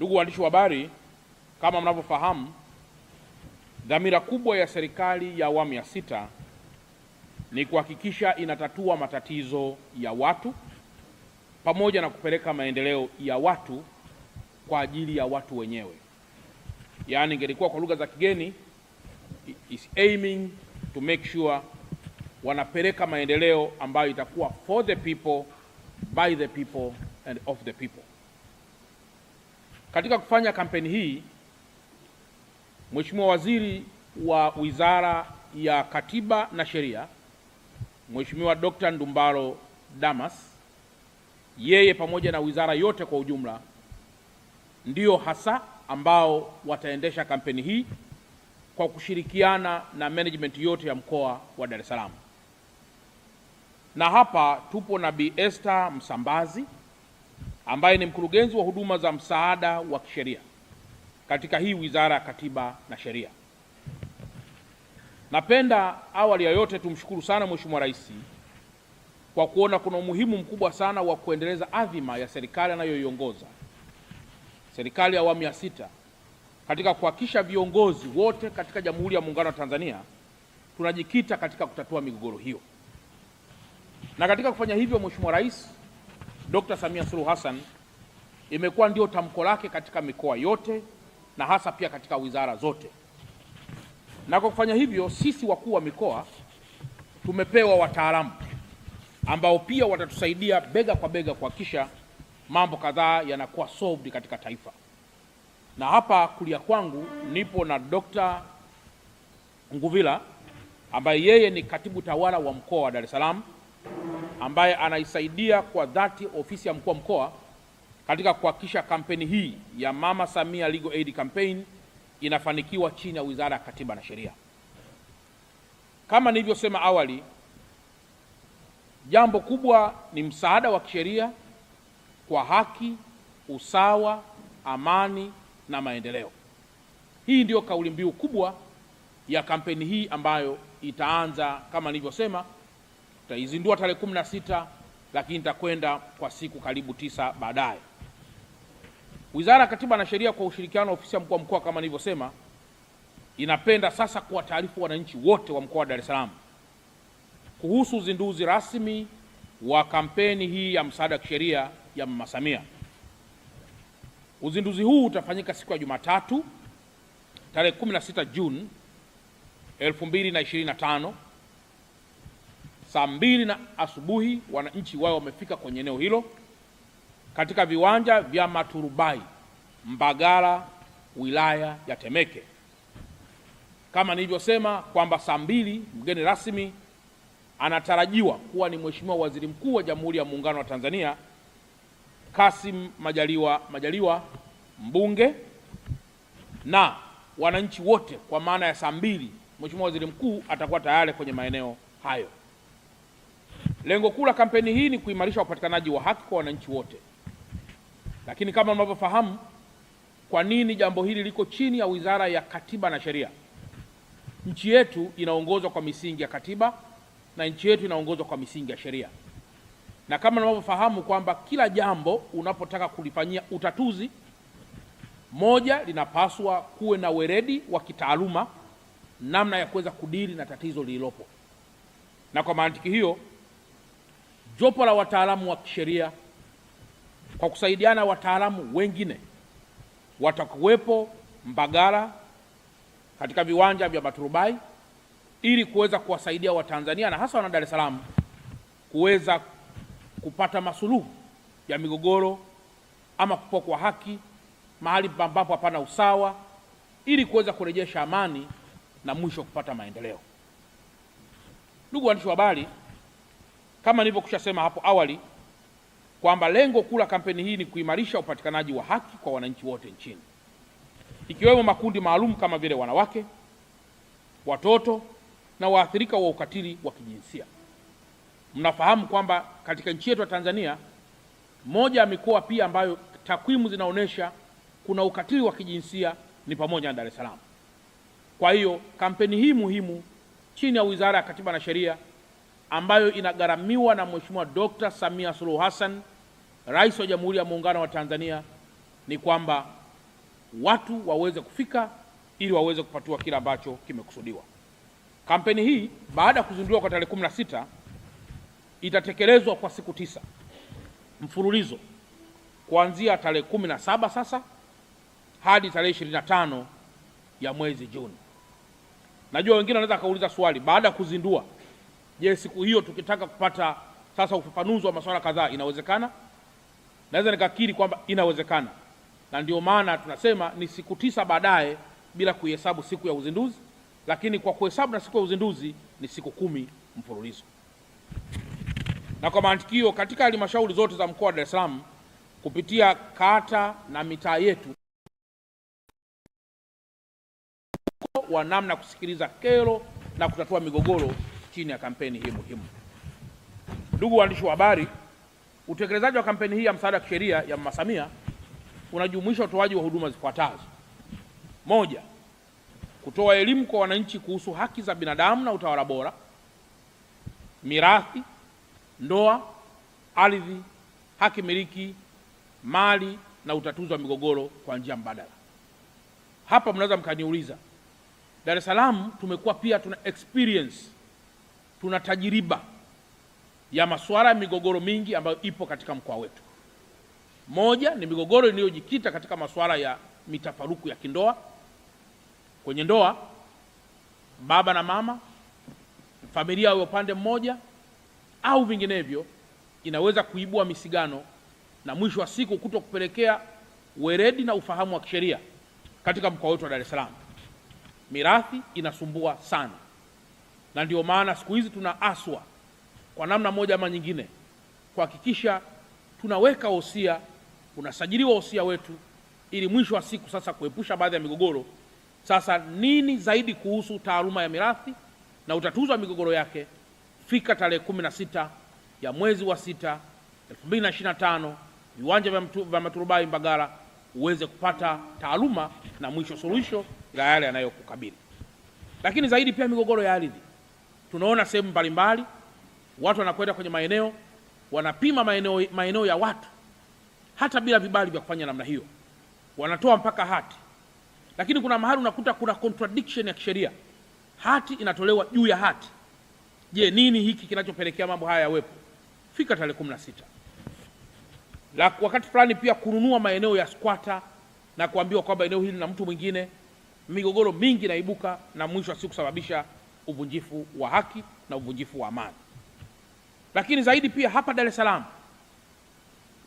Ndugu waandishi wa habari, kama mnavyofahamu, dhamira kubwa ya serikali ya awamu ya sita ni kuhakikisha inatatua matatizo ya watu pamoja na kupeleka maendeleo ya watu kwa ajili ya watu wenyewe, yaani ingelikuwa kwa lugha za kigeni is aiming to make sure wanapeleka maendeleo ambayo itakuwa for the people by the people and of the people. Katika kufanya kampeni hii, Mheshimiwa Waziri wa Wizara ya Katiba na Sheria, Mheshimiwa Dr. Ndumbaro Damas, yeye pamoja na wizara yote kwa ujumla ndio hasa ambao wataendesha kampeni hii kwa kushirikiana na management yote ya mkoa wa Dar es Salaam. Na hapa tupo na Bi Esther Msambazi ambaye ni mkurugenzi wa huduma za msaada wa kisheria katika hii Wizara ya Katiba na Sheria. Napenda awali ya yote tumshukuru sana Mheshimiwa Rais kwa kuona kuna umuhimu mkubwa sana wa kuendeleza adhima ya serikali anayoiongoza, serikali ya awamu ya sita, katika kuhakikisha viongozi wote katika Jamhuri ya Muungano wa Tanzania tunajikita katika kutatua migogoro hiyo, na katika kufanya hivyo Mheshimiwa Rais Dr. Samia Suluhu Hassan imekuwa ndio tamko lake katika mikoa yote na hasa pia katika wizara zote. Na kwa kufanya hivyo, sisi wakuu wa mikoa tumepewa wataalamu ambao pia watatusaidia bega kwa bega kuhakikisha mambo kadhaa yanakuwa solved katika taifa. Na hapa kulia kwangu nipo na Dr. Nguvila ambaye yeye ni katibu tawala wa mkoa wa Dar es Salaam ambaye anaisaidia kwa dhati ofisi ya mkuu wa mkoa katika kuhakikisha kampeni hii ya Mama Samia Legal Aid Campaign inafanikiwa chini ya Wizara ya Katiba na Sheria. Kama nilivyosema awali, jambo kubwa ni msaada wa kisheria kwa haki, usawa, amani na maendeleo. Hii ndiyo kauli mbiu kubwa ya kampeni hii ambayo itaanza kama nilivyosema tutaizindua tarehe sita lakini itakwenda kwa siku karibu tisa baadaye. Wizara ya Katiba na Sheria kwa ushirikiano wa ofisi ya mkuu wa mkoa kama nilivyosema, inapenda sasa kuwataarifu wananchi wote wa mkoa wa Dar es Salaam kuhusu uzinduzi rasmi wa kampeni hii ya msaada wa kisheria ya Mama Samia. Uzinduzi huu utafanyika siku ya Jumatatu tarehe 16 Juni 2025 saa mbili na asubuhi wananchi wao wamefika kwenye eneo hilo katika viwanja vya Maturubai Mbagala, wilaya ya Temeke. Kama nilivyosema kwamba saa mbili mgeni rasmi anatarajiwa kuwa ni Mheshimiwa Waziri Mkuu wa Jamhuri ya Muungano wa Tanzania Kassim Majaliwa, Majaliwa mbunge na wananchi wote, kwa maana ya saa mbili Mheshimiwa Waziri Mkuu atakuwa tayari kwenye maeneo hayo. Lengo kuu la kampeni hii ni kuimarisha upatikanaji wa haki kwa wananchi wote, lakini kama mnavyofahamu, kwa nini jambo hili liko chini ya Wizara ya Katiba na Sheria? Nchi yetu inaongozwa kwa misingi ya katiba na nchi yetu inaongozwa kwa misingi ya sheria, na kama mnavyofahamu kwamba kila jambo unapotaka kulifanyia utatuzi, moja, linapaswa kuwe na weredi wa kitaaluma, namna ya kuweza kudili na tatizo lililopo, na kwa mantiki hiyo jopo la wataalamu wa kisheria kwa kusaidiana wataalamu wengine watakuwepo Mbagala katika viwanja vya Maturubai ili kuweza kuwasaidia Watanzania na hasa wana Dar es Salaam kuweza kupata masuluhu ya migogoro ama kupokwa haki mahali ambapo hapana usawa ili kuweza kurejesha amani na mwisho kupata maendeleo. Ndugu waandishi wa habari, kama nilivyokusha sema hapo awali kwamba lengo kuu la kampeni hii ni kuimarisha upatikanaji wa haki kwa wananchi wote nchini, ikiwemo makundi maalum kama vile wanawake, watoto na waathirika wa ukatili wa kijinsia. Mnafahamu kwamba katika nchi yetu ya Tanzania, moja ya mikoa pia ambayo takwimu zinaonyesha kuna ukatili wa kijinsia ni pamoja na Dar es Salaam. Kwa hiyo kampeni hii muhimu chini ya Wizara ya Katiba na Sheria ambayo inagharamiwa na Mheshimiwa Dkt. Samia Suluhu Hassan, Rais wa Jamhuri ya Muungano wa Tanzania, ni kwamba watu waweze kufika ili waweze kupatiwa kile ambacho kimekusudiwa. Kampeni hii baada ya kuzinduliwa kwa tarehe sita itatekelezwa kwa siku tisa mfululizo kuanzia tarehe saba sasa hadi tarehe tano ya mwezi Juni. Najua wengine wanaweza akauliza swali baada ya kuzindua Je, siku hiyo tukitaka kupata sasa ufafanuzi wa masuala kadhaa inawezekana? Naweza nikakiri kwamba inawezekana, na ndio maana tunasema ni siku tisa baadaye bila kuihesabu siku ya uzinduzi, lakini kwa kuhesabu na siku ya uzinduzi ni siku kumi mfululizo. Na kwa mantikio, katika halmashauri zote za mkoa wa Dar es Salaam kupitia kata na mitaa yetu wa namna kusikiliza kero na kutatua migogoro chini ya kampeni hii muhimu. Ndugu waandishi wa habari, utekelezaji wa kampeni hii ya msaada wa kisheria ya Mama Samia unajumuisha utoaji wa huduma zifuatazo: moja, kutoa elimu kwa wananchi kuhusu haki za binadamu na utawala bora, mirathi, ndoa, ardhi, haki miliki, mali na utatuzi wa migogoro kwa njia mbadala. Hapa mnaweza mkaniuliza, Dar es Salaam tumekuwa pia tuna experience tuna tajiriba ya masuala ya migogoro mingi ambayo ipo katika mkoa wetu. Moja ni migogoro inayojikita katika masuala ya mitafaruku ya kindoa, kwenye ndoa, baba na mama, familia ya upande mmoja au vinginevyo, inaweza kuibua misigano na mwisho wa siku kuto kupelekea weredi na ufahamu wa kisheria katika mkoa wetu wa Dar es Salaam. Mirathi inasumbua sana na ndio maana siku hizi tuna aswa kwa namna moja ama nyingine kuhakikisha tunaweka wosia, unasajiliwa wosia wetu, ili mwisho wa siku sasa kuepusha baadhi ya migogoro. Sasa nini zaidi kuhusu taaluma ya mirathi na utatuzi wa migogoro yake, fika tarehe kumi na sita ya mwezi wa sita na tano viwanja vya, vya Maturubai Mbagala, uweze kupata taaluma na mwisho suluhisho la yale yanayokukabili, lakini zaidi pia migogoro ya ardhi tunaona sehemu mbalimbali watu wanakwenda kwenye maeneo wanapima maeneo, maeneo ya watu hata bila vibali vya kufanya namna hiyo, wanatoa mpaka hati. Lakini kuna mahali unakuta kuna contradiction ya kisheria, hati inatolewa juu ya hati. Je, nini hiki kinachopelekea mambo haya yawepo? Fika tarehe kumi na sita la wakati fulani pia kununua maeneo ya squatter na kuambiwa kwamba eneo hili na mtu mwingine, migogoro mingi inaibuka na mwisho wa siku kusababisha uvunjifu wa haki na uvunjifu wa amani. Lakini zaidi pia hapa Dar es Salaam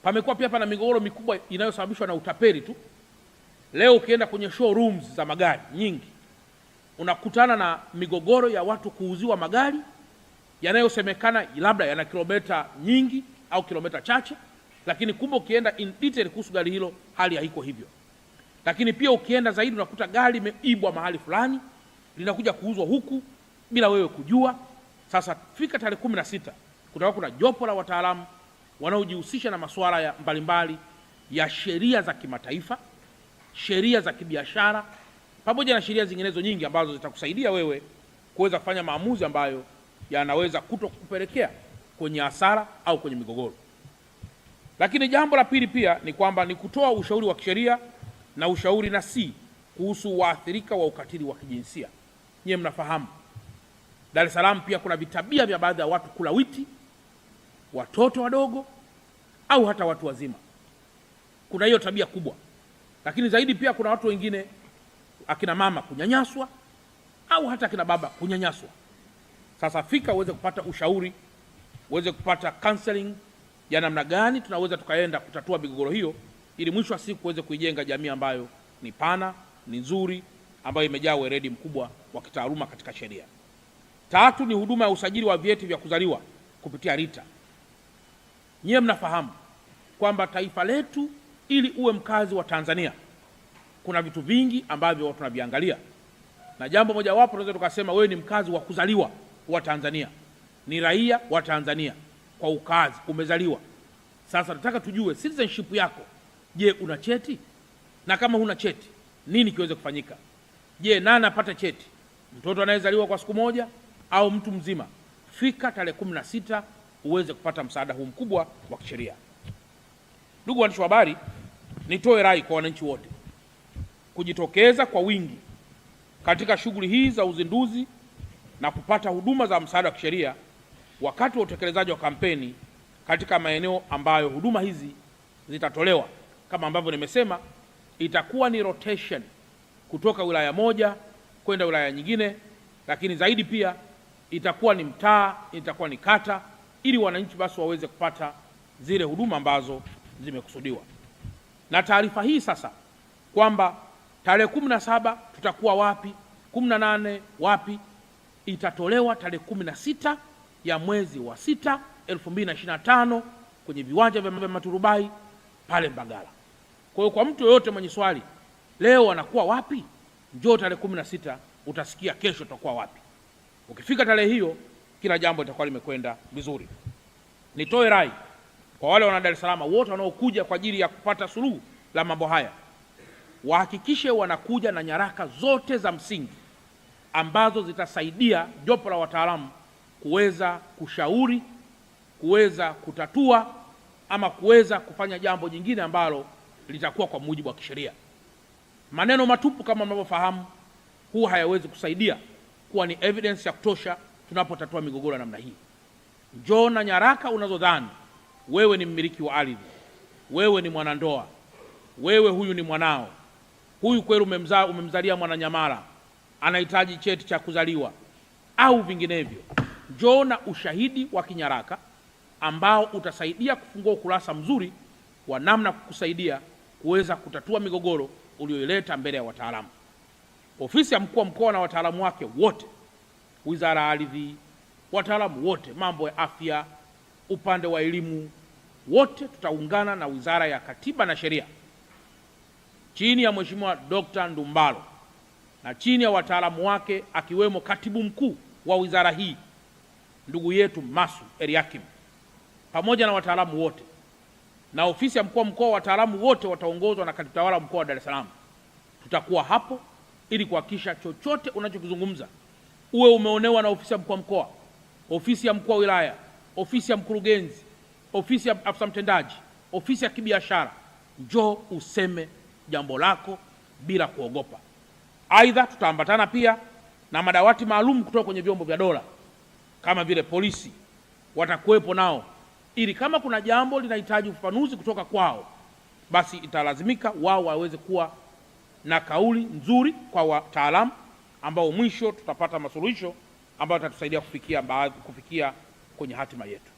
pamekuwa pia pana migogoro mikubwa inayosababishwa na utapeli tu. Leo ukienda kwenye showrooms za magari nyingi unakutana na migogoro ya watu kuuziwa magari yanayosemekana labda yana kilomita nyingi au kilomita chache, lakini kumbe ukienda in detail kuhusu gari hilo hali haiko hivyo. Lakini pia ukienda zaidi unakuta gari imeibwa mahali fulani linakuja kuuzwa huku, bila wewe kujua. Sasa fika tarehe kumi na sita kutakuwa kuna jopo la wataalamu wanaojihusisha na masuala ya mbalimbali ya sheria za kimataifa, sheria za kibiashara, pamoja na sheria zinginezo nyingi ambazo zitakusaidia wewe kuweza kufanya maamuzi ambayo yanaweza kuto kupelekea kwenye hasara au kwenye migogoro. Lakini jambo la pili pia ni kwamba ni kutoa ushauri wa kisheria na ushauri na si kuhusu waathirika wa ukatili wa kijinsia. Nyiye mnafahamu Dar es Salaam pia kuna vitabia vya baadhi ya watu kula witi, watoto wadogo au hata watu wazima. Kuna hiyo tabia kubwa, lakini zaidi pia kuna watu wengine, akina mama kunyanyaswa au hata akina baba kunyanyaswa. Sasa fika uweze kupata ushauri, uweze kupata counseling ya namna gani tunaweza tukaenda kutatua migogoro hiyo, ili mwisho wa siku uweze kuijenga jamii ambayo ni pana, ni nzuri, ambayo imejaa weledi mkubwa wa kitaaluma katika sheria. Tatu ni huduma ya usajili wa vyeti vya kuzaliwa kupitia RITA. Nyiwe mnafahamu kwamba taifa letu, ili uwe mkazi wa Tanzania, kuna vitu vingi ambavyo tunaviangalia, na jambo mojawapo tunaweza tukasema wewe ni mkazi wa kuzaliwa wa Tanzania, ni raia wa Tanzania kwa ukazi, umezaliwa. Sasa tunataka tujue citizenship yako. Je, una cheti? Na kama huna cheti, nini kiweze kufanyika? Je, nani apata cheti? Mtoto anayezaliwa kwa siku moja au mtu mzima, fika tarehe kumi na sita uweze kupata msaada huu mkubwa wa kisheria. Ndugu waandishi wa habari, nitoe rai kwa wananchi wote kujitokeza kwa wingi katika shughuli hii za uzinduzi na kupata huduma za msaada wa kisheria wakati wa utekelezaji wa kampeni katika maeneo ambayo huduma hizi zitatolewa. Kama ambavyo nimesema, itakuwa ni rotation kutoka wilaya moja kwenda wilaya nyingine, lakini zaidi pia itakuwa ni mtaa, itakuwa ni kata, ili wananchi basi waweze kupata zile huduma ambazo zimekusudiwa. Na taarifa hii sasa kwamba tarehe kumi na saba tutakuwa wapi, kumi na nane wapi, itatolewa tarehe kumi na sita ya mwezi wa sita tano kwenye viwanja vya Maturubai pale Mbagala. Kwa hiyo kwa mtu yoyote mwenye swali leo anakuwa wapi, njoo tarehe sita utasikia kesho tutakuwa wapi. Ukifika tarehe hiyo, kila jambo litakuwa limekwenda vizuri. Nitoe rai kwa wale wana Dar es Salaam wote wanaokuja kwa ajili ya kupata suluhu la mambo haya, wahakikishe wanakuja na nyaraka zote za msingi ambazo zitasaidia jopo la wataalamu kuweza kushauri, kuweza kutatua ama kuweza kufanya jambo jingine ambalo litakuwa kwa mujibu wa kisheria. Maneno matupu kama mnavyofahamu, huwa hayawezi kusaidia kuwa ni evidence ya kutosha tunapotatua migogoro ya namna hii. Njoo na nyaraka unazodhani wewe ni mmiliki wa ardhi, wewe ni mwanandoa, wewe huyu ni mwanao, huyu kweli umemzaa, umemzalia Mwananyamala, anahitaji cheti cha kuzaliwa au vinginevyo. Njoo na ushahidi wa kinyaraka ambao utasaidia kufungua ukurasa mzuri wa namna kukusaidia kuweza kutatua migogoro uliyoileta mbele ya wataalamu ofisi ya mkuu wa mkoa na wataalamu wake wote, wizara ya ardhi, wataalamu wote, mambo ya afya, upande wa elimu, wote tutaungana na wizara ya katiba na sheria chini ya Mheshimiwa Dkt. Ndumbaro na chini ya wataalamu wake akiwemo katibu mkuu wa wizara hii ndugu yetu Masu Eriakim pamoja na wataalamu wote na ofisi ya mkuu wa mkoa, wataalamu wote wataongozwa na katibu tawala mkoa wa Dar es Salaam. Tutakuwa hapo ili kuhakikisha chochote unachokizungumza uwe umeonewa na ofisi ya mkuu wa mkoa, ofisi ya mkuu wa wilaya, ofisi ya mkurugenzi, ofisi ya afisa mtendaji, ofisi ya kibiashara, njoo useme jambo lako bila kuogopa. Aidha, tutaambatana pia na madawati maalum kutoka kwenye vyombo vya dola kama vile polisi, watakuwepo nao, ili kama kuna jambo linahitaji ufafanuzi kutoka kwao, basi italazimika wao waweze kuwa na kauli nzuri kwa wataalamu ambao mwisho tutapata masuluhisho ambayo yatatusaidia kufikia, kufikia kwenye hatima yetu.